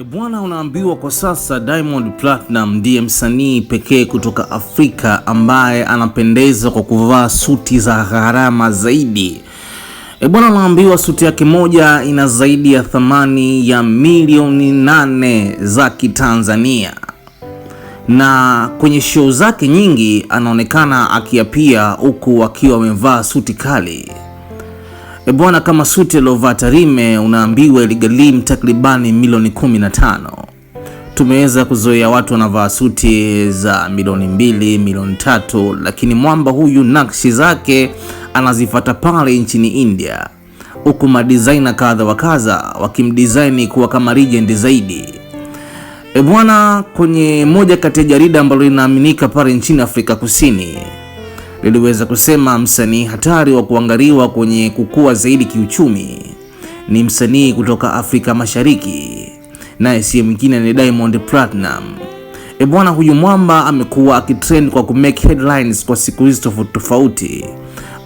E bwana, unaambiwa kwa sasa Diamond Platinum ndiye msanii pekee kutoka Afrika ambaye anapendeza kwa kuvaa suti za gharama zaidi. E bwana, unaambiwa suti yake moja ina zaidi ya thamani ya milioni nane za Kitanzania, na kwenye show zake nyingi anaonekana akiapia huku akiwa amevaa suti kali. E bwana, kama suti aliovaa tarime unaambiwa iligharimu takribani milioni 15. Tumeweza kuzoea watu wanavaa suti za milioni mbili, milioni tatu, lakini mwamba huyu nakshi zake anazifata pale nchini India, huku madizaina kadha wa kadha wakimdizaini kuwa kama legend zaidi. E bwana, kwenye moja kati ya jarida ambalo linaaminika pale nchini Afrika Kusini liliweza kusema msanii hatari wa kuangaliwa kwenye kukua zaidi kiuchumi ni msanii kutoka Afrika Mashariki, naye si mwingine ni Diamond Platinum. E bwana, huyu mwamba amekuwa akitrend kwa kumake headlines kwa siku hizi tofauti tofauti,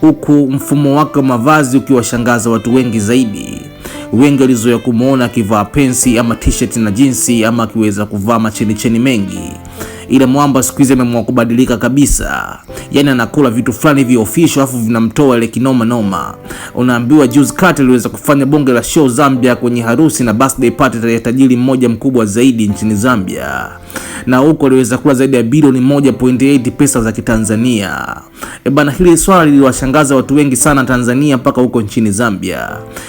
huku mfumo wake wa mavazi ukiwashangaza watu wengi zaidi. Wengi walizoea kumwona akivaa pensi ama t-shirt na jinsi ama akiweza kuvaa machenicheni mengi ile mwamba siku hizi ameamua kubadilika kabisa, yani anakula vitu fulani vya official afu vinamtoa ile kinoma noma. Unaambiwa Juice Carter aliweza kufanya bonge la show Zambia kwenye harusi na birthday party ya tajiri mmoja mkubwa zaidi nchini Zambia na huko aliweza kula zaidi ya bilioni 1.8 pesa za Kitanzania. E bana, hili swala liliwashangaza watu wengi sana Tanzania mpaka huko nchini Zambia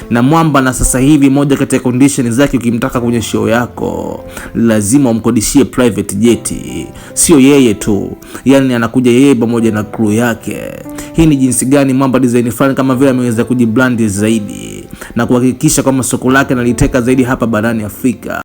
na mwamba, na sasa hivi moja kati ya condition zake, ukimtaka kwenye show yako lazima umkodishie private jet. Sio yeye tu, yani anakuja yeye pamoja na crew yake. Hii ni jinsi gani mwamba design fulani kama vile ameweza kujibrand zaidi na kuhakikisha kwamba soko lake naliteka zaidi hapa barani Afrika.